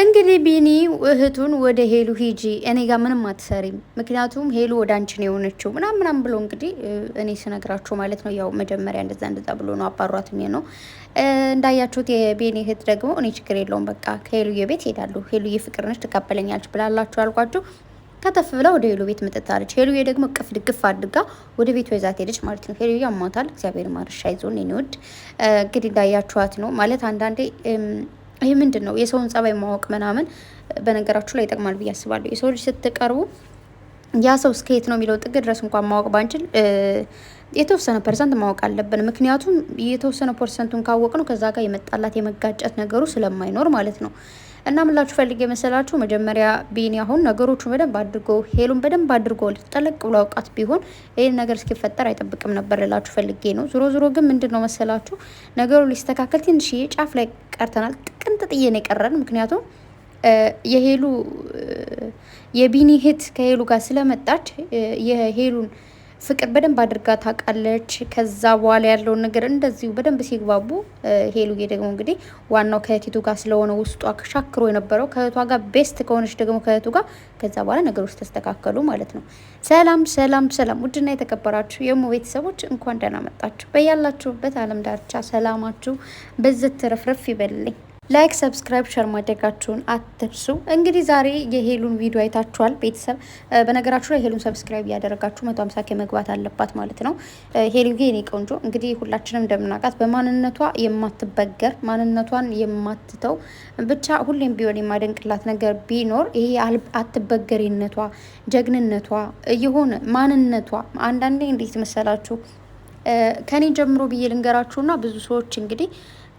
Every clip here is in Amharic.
እንግዲህ ቢኒ እህቱን ወደ ሄሉ ሂጂ፣ እኔ ጋር ምንም አትሰሪም፣ ምክንያቱም ሄሉ ወደ አንቺ ነው የሆነችው ምናም ምናም ብሎ እንግዲህ እኔ ስነግራችሁ ማለት ነው። ያው መጀመሪያ እንደዛ እንደዛ ብሎ ነው አባሯት ሜ ነው እንዳያችሁት። የቢኒ እህት ደግሞ እኔ ችግር የለውም በቃ ከሄሉ የቤት ሄዳለሁ፣ ሄሉ የፍቅር ነች ትቀበለኛለች ብላላችሁ አልኳችሁ። ከተፍ ብላ ወደ ሄሉ ቤት መጥታለች። ሄሉዬ ደግሞ ቅፍ ድግፍ አድጋ ወደ ቤት ወይዛት ሄደች ማለት ነው። ሄሉዬ አሟታል። እግዚአብሔር ማርሻ ይዞን ይንወድ እንግዲህ እንዳያችኋት ነው ማለት አንዳንዴ ይህ ምንድን ነው? የሰውን ጸባይ ማወቅ ምናምን በነገራችሁ ላይ ይጠቅማል ብዬ አስባለሁ። የሰው ልጅ ስትቀርቡ ያ ሰው እስከየት ነው የሚለው ጥግ ድረስ እንኳን ማወቅ ባንችል የተወሰነ ፐርሰንት ማወቅ አለብን። ምክንያቱም የተወሰነ ፐርሰንቱን ካወቅ ነው ከዛ ጋር የመጣላት የመጋጨት ነገሩ ስለማይኖር ማለት ነው። እና ምላችሁ ፈልጌ መሰላችሁ መጀመሪያ ቢኒ አሁን ነገሮቹ በደንብ አድርጎ ሄሉን በደንብ አድርጎ ጠለቅ ብሎ አውቃት ቢሆን ይህን ነገር እስኪፈጠር አይጠብቅም ነበር ልላችሁ ፈልጌ ነው። ዞሮ ዞሮ ግን ምንድን ነው መሰላችሁ ነገሩ ሊስተካከል ትንሽ ጫፍ ላይ ቀርተናል። ጥቅንት ጥዬ የቀረን። ምክንያቱም የሄሉ የቢኒ እህት ከሄሉ ጋር ስለመጣች የሄሉን ፍቅር በደንብ አድርጋ ታውቃለች። ከዛ በኋላ ያለውን ነገር እንደዚሁ በደንብ ሲግባቡ፣ ሄሉዬ ደግሞ እንግዲህ ዋናው ከእህቲቱ ጋር ስለሆነ ውስጧ ሻክሮ የነበረው ከእህቷ ጋር ቤስት ከሆነች ደግሞ ከእህቱ ጋር ከዛ በኋላ ነገሮች ተስተካከሉ ማለት ነው። ሰላም ሰላም ሰላም! ውድና የተከበራችሁ የሞ ቤተሰቦች እንኳን ደህና መጣችሁ። በያላችሁበት አለም ዳርቻ ሰላማችሁ በዝት ረፍረፍ ይበልልኝ። ላይክ፣ ሰብስክራይብ፣ ሸር ማድረጋችሁን አትርሱ። እንግዲህ ዛሬ የሄሉን ቪዲዮ አይታችኋል ቤተሰብ። በነገራችሁ ላይ ሄሉን ሰብስክራይብ እያደረጋችሁ መቶ አምሳ ኬ መግባት አለባት ማለት ነው። ሄሉዬ የኔ ቆንጆ እንግዲህ ሁላችንም እንደምናውቃት በማንነቷ የማትበገር ማንነቷን የማትተው ብቻ ሁሌም ቢሆን የማደንቅላት ነገር ቢኖር ይሄ አትበገሬነቷ፣ ጀግንነቷ የሆነ ማንነቷ አንዳንዴ እንዴት መሰላችሁ ከኔ ጀምሮ ብዬ ልንገራችሁና ብዙ ሰዎች እንግዲህ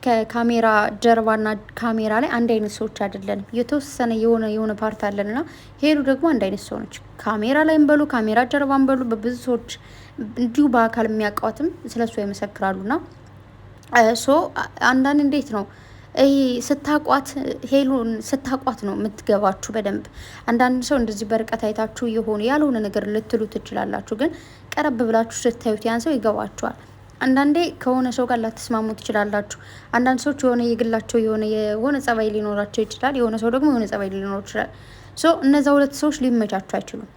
ከካሜራ ጀርባና ካሜራ ላይ አንድ አይነት ሰዎች አይደለንም። የተወሰነ የሆነ የሆነ ፓርት አለን ና ሄሉ ደግሞ አንድ አይነት ሰው ነች። ካሜራ ላይ በሉ ካሜራ ጀርባ እንበሉ በብዙ ሰዎች እንዲሁ በአካል የሚያውቋትም ይመሰክራሉ። ና ሶ አንዳንድ እንዴት ነው ይሄ ስታቋት ሄሉን ስታቋት ነው የምትገባችሁ በደንብ። አንዳንድ ሰው እንደዚህ በርቀት አይታችሁ የሆኑ ያልሆነ ነገር ልትሉ ትችላላችሁ፣ ግን ቀረብ ብላችሁ ስታዩት ያን ሰው ይገባችኋል። አንዳንዴ ከሆነ ሰው ጋር ላትስማሙ ትችላላችሁ። አንዳንድ ሰዎች የሆነ የግላቸው የሆነ የሆነ ጸባይ ሊኖራቸው ይችላል። የሆነ ሰው ደግሞ የሆነ ጸባይ ሊኖር ይችላል። ሶ እነዛ ሁለት ሰዎች ሊመቻቹ አይችሉም።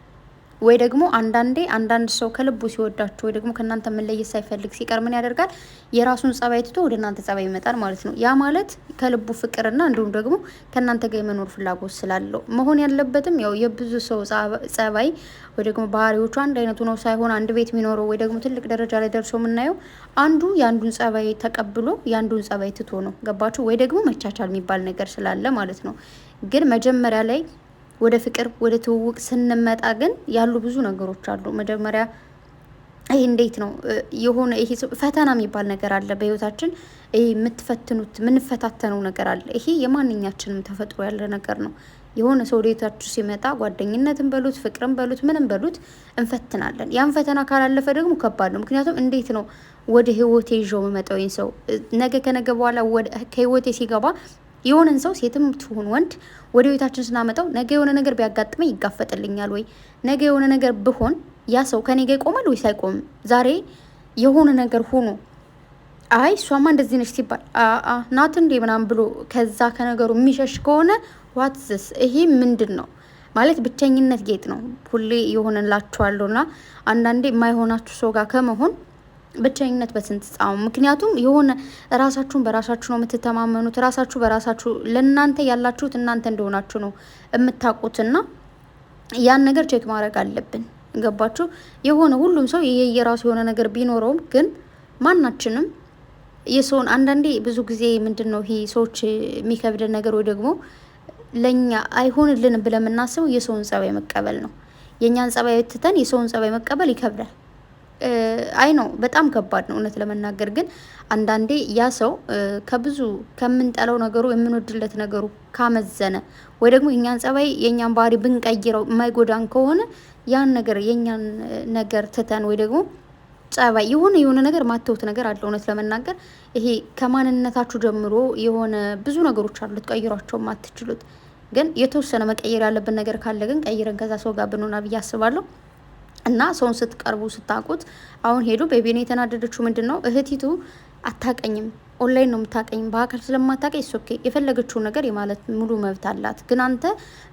ወይ ደግሞ አንዳንዴ አንዳንድ ሰው ከልቡ ሲወዳችሁ ወይ ደግሞ ከእናንተ መለየት ሳይፈልግ ሲቀር ምን ያደርጋል? የራሱን ጸባይ ትቶ ወደ እናንተ ጸባይ ይመጣል ማለት ነው። ያ ማለት ከልቡ ፍቅርና እንዲሁም ደግሞ ከእናንተ ጋር የመኖር ፍላጎት ስላለው መሆን ያለበትም ያው የብዙ ሰው ጸባይ ወይ ደግሞ ባህሪዎቹ አንድ አይነቱ ነው ሳይሆን አንድ ቤት የሚኖረው ወይ ደግሞ ትልቅ ደረጃ ላይ ደርሶ የምናየው አንዱ የአንዱን ጸባይ ተቀብሎ የአንዱን ጸባይ ትቶ ነው። ገባችሁ ወይ ደግሞ መቻቻል የሚባል ነገር ስላለ ማለት ነው። ግን መጀመሪያ ላይ ወደ ፍቅር ወደ ትውውቅ ስንመጣ ግን ያሉ ብዙ ነገሮች አሉ። መጀመሪያ ይሄ እንዴት ነው የሆነ ይሄ ፈተና የሚባል ነገር አለ በህይወታችን። ይሄ የምትፈትኑት የምንፈታተነው ነገር አለ። ይሄ የማንኛችንም ተፈጥሮ ያለ ነገር ነው። የሆነ ሰው ወደታችሁ ሲመጣ ጓደኝነትን በሉት ፍቅርን በሉት ምንም በሉት እንፈትናለን። ያን ፈተና ካላለፈ ደግሞ ከባድ ነው። ምክንያቱም እንዴት ነው ወደ ህይወቴ ይዤው መመጣው ይህን ሰው ነገ ከነገ በኋላ ከህይወቴ ሲገባ የሆነን ሰው ሴትም ትሁን ወንድ ወደ ቤታችን ስናመጣው ነገ የሆነ ነገር ቢያጋጥመኝ ይጋፈጥልኛል ወይ ነገ የሆነ ነገር ብሆን ያ ሰው ከኔ ጋር ይቆማል ወይስ አይቆምም? ዛሬ የሆነ ነገር ሆኖ አይ እሷማ እንደዚህ ነች ሲባል ናት እንዴ ምናምን ብሎ ከዛ ከነገሩ የሚሸሽ ከሆነ ዋትስስ ይሄ ምንድን ነው ማለት ብቸኝነት ጌጥ ነው። ሁሌ የሆነላችኋለሁና አንዳንዴ የማይሆናችሁ ሰው ጋር ከመሆን ብቸኝነት በስንት ጻሙ። ምክንያቱም የሆነ ራሳችሁን በራሳችሁ ነው የምትተማመኑት። ራሳችሁ በራሳችሁ ለእናንተ ያላችሁት እናንተ እንደሆናችሁ ነው የምታውቁትና ያን ነገር ቼክ ማድረግ አለብን። ገባችሁ? የሆነ ሁሉም ሰው ይሄ የራሱ የሆነ ነገር ቢኖረውም ግን ማናችንም የሰውን አንዳንዴ ብዙ ጊዜ ምንድን ነው ይሄ ሰዎች የሚከብደን ነገር ወይ ደግሞ ለእኛ አይሆንልን ብለን የምናስበው የሰውን ጸባይ መቀበል ነው። የእኛን ጸባይ ትተን የሰውን ጸባይ መቀበል ይከብዳል። አይ ነው በጣም ከባድ ነው እውነት ለመናገር ግን አንዳንዴ ያ ሰው ከብዙ ከምንጠለው ነገሩ የምንወድለት ነገሩ ካመዘነ ወይ ደግሞ የእኛን ጸባይ የእኛን ባህሪ ብንቀይረው የማይጎዳን ከሆነ ያን ነገር የእኛን ነገር ትተን ወይ ደግሞ ጸባይ የሆነ የሆነ ነገር ማተውት ነገር አለ። እውነት ለመናገር ይሄ ከማንነታችሁ ጀምሮ የሆነ ብዙ ነገሮች አሉ ልትቀይሯቸው ማትችሉት። ግን የተወሰነ መቀየር ያለብን ነገር ካለ ግን ቀይረን ከዛ ሰው ጋር ብንሆና ብዬ አስባለሁ። እና ሰውን ስትቀርቡ ስታውቁት አሁን ሄዱ ቤቢን የተናደደችው ምንድን ነው እህቲቱ አታቀኝም ኦንላይን ነው የምታቀኝም በአካል ስለማታቀኝ ሶኬ የፈለገችው ነገር የማለት ሙሉ መብት አላት ግን አንተ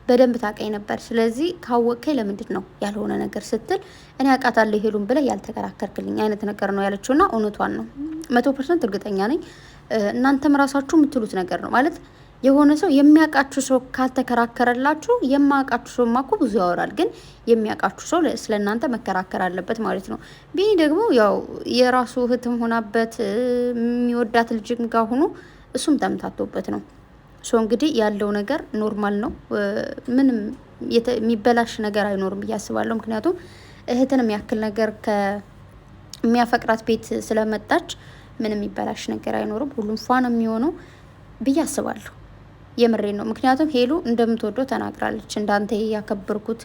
በደንብ ታቀኝ ነበር ስለዚህ ካወቅከኝ ለምንድን ነው ያልሆነ ነገር ስትል እኔ አውቃታለሁ ሄሉን ብለህ ያልተከራከርክልኝ አይነት ነገር ነው ያለችውና እውነቷን ነው መቶ ፐርሰንት እርግጠኛ ነኝ እናንተም ራሳችሁ የምትሉት ነገር ነው ማለት የሆነ ሰው የሚያውቃችሁ ሰው ካልተከራከረላችሁ የማያውቃችሁ ሰው ማኮ ብዙ ያወራል፣ ግን የሚያውቃችሁ ሰው ስለ እናንተ መከራከር አለበት ማለት ነው። ቢኒ ደግሞ ያው የራሱ እህትም ሆናበት የሚወዳት ልጅም ጋር ሆኖ እሱም ተምታቶበት ነው። ሶ እንግዲህ ያለው ነገር ኖርማል ነው። ምንም የሚበላሽ ነገር አይኖርም ብዬ አስባለሁ። ምክንያቱም እህትን የሚያክል ነገር ከሚያፈቅራት ቤት ስለመጣች ምንም የሚበላሽ ነገር አይኖርም። ሁሉም ፏን ነው የሚሆነው ብዬ አስባለሁ። የምሬ ነው። ምክንያቱም ሄሉ እንደምትወደው ተናግራለች። እንዳንተ ያከበርኩት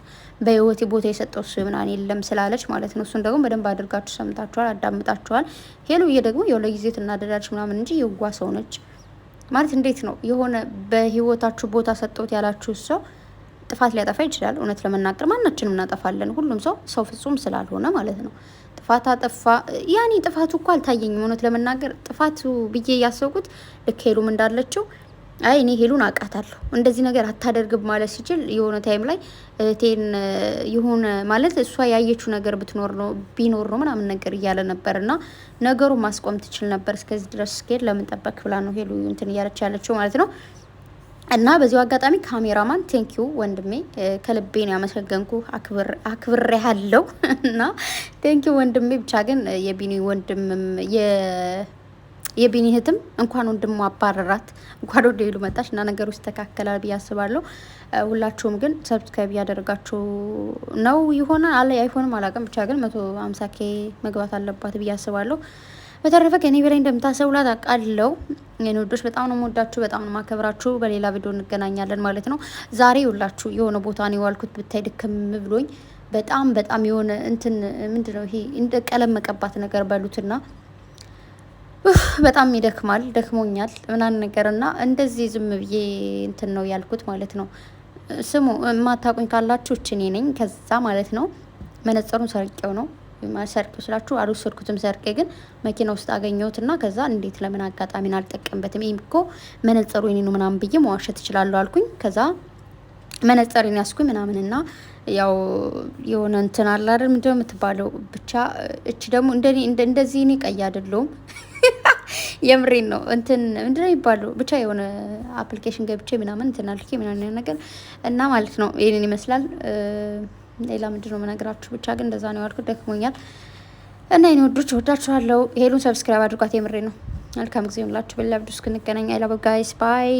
በህይወቴ ቦታ የሰጠው እሱ ምናን የለም ስላለች ማለት ነው። እሱን ደግሞ በደንብ አድርጋችሁ ሰምታችኋል፣ አዳምጣችኋል። ሄሉዬ ደግሞ የሆነ ጊዜ ትናደዳለች ምናምን እንጂ የጓ ሰው ነች ማለት እንዴት ነው የሆነ በህይወታችሁ ቦታ ሰጠውት ያላችሁ ሰው ጥፋት ሊያጠፋ ይችላል። እውነት ለመናገር ማናችንም እናጠፋለን። ሁሉም ሰው ሰው ፍጹም ስላልሆነ ማለት ነው። ጥፋት አጠፋ ያኔ ጥፋቱ እኮ አልታየኝም። እውነት ለመናገር ጥፋቱ ብዬ ያሰብኩት ልክ ሄሉም እንዳለችው አይ እኔ ሄሉን አውቃታለሁ እንደዚህ ነገር አታደርግም ማለት ሲችል የሆነ ታይም ላይ እህቴን የሆነ ማለት እሷ ያየችው ነገር ብትኖር ነው ቢኖር ነው ምናምን ነገር እያለ ነበር እና ነገሩ ማስቆም ትችል ነበር። እስከዚህ ድረስ ስኬድ ለምን ጠበቅ ብላ ነው ሄሉ እንትን እያለች ያለችው ማለት ነው። እና በዚሁ አጋጣሚ ካሜራማን ቴንኪዩ ወንድሜ ከልቤ ያመሰገንኩ አክብሬ ያለው እና ቴንኪዩ ወንድሜ ብቻ ግን የቢኒ ወንድምም የቤኒ እህትም እንኳን ወንድሞ አባረራት እንኳን ወደ ሄሉ መጣች እና ነገሩ ይስተካከላል ብዬ አስባለሁ። ሁላችሁም ግን ሰብስክራይብ እያደረጋችሁ ነው ይሆነ አለ አይሆንም አላውቅም። ብቻ ግን መቶ አምሳ ኬ መግባት አለባት ብዬ አስባለሁ። በተረፈ ከእኔ በላይ እንደምታሰቡላት አውቃለሁ። የኔ ወዶች በጣም ነው የምወዳችሁ፣ በጣም ነው የማከብራችሁ። በሌላ ቪዲዮ እንገናኛለን ማለት ነው። ዛሬ ሁላችሁ የሆነ ቦታ ነው የዋልኩት ብታይ ድክም ብሎኝ በጣም በጣም የሆነ እንትን ምንድነው ይሄ እንደ ቀለም መቀባት ነገር በሉትና በጣም ይደክማል፣ ደክሞኛል ምናምን ነገር እና እንደዚህ ዝም ብዬ እንትን ነው ያልኩት ማለት ነው። ስሙ ማታቁኝ ካላችሁ እችኔ ነኝ። ከዛ ማለት ነው መነጽሩን ሰርቄው ነው ሰርቄው ስላችሁ አልወሰድኩትም። ሰርቄ ግን መኪና ውስጥ አገኘሁት እና ከዛ እንዴት ለምን አጋጣሚን አልጠቀምበትም? ይህም እኮ መነጽሩ የኔ ነው ምናምን ብዬ መዋሸት እችላለሁ አልኩኝ ከዛ መነጽርን የሚያስኩኝ ምናምንና ያው የሆነ እንትን አለ አይደል ምንድን ነው የምትባለው? ብቻ እች ደግሞ እንደዚህ እኔ ቀይ አይደለሁም የምሬን ነው። እንትን ምንድን ነው ይባሉ ብቻ የሆነ አፕሊኬሽን ገብቼ ምናምን እንትን አልኬ ምናምን ነገር እና ማለት ነው ይህንን ይመስላል። ሌላ ምንድን ነው መነግራችሁ? ብቻ ግን እንደዛ ነው ያልኩት። ደክሞኛል እና ይህን ወዶች ወዳችኋለሁ። ሄሉን ሰብስክራይብ አድርጓት። የምሬ ነው። መልካም ጊዜ ሆንላችሁ። በላብዱ እስክንገናኝ አይላበጋይስ ባይ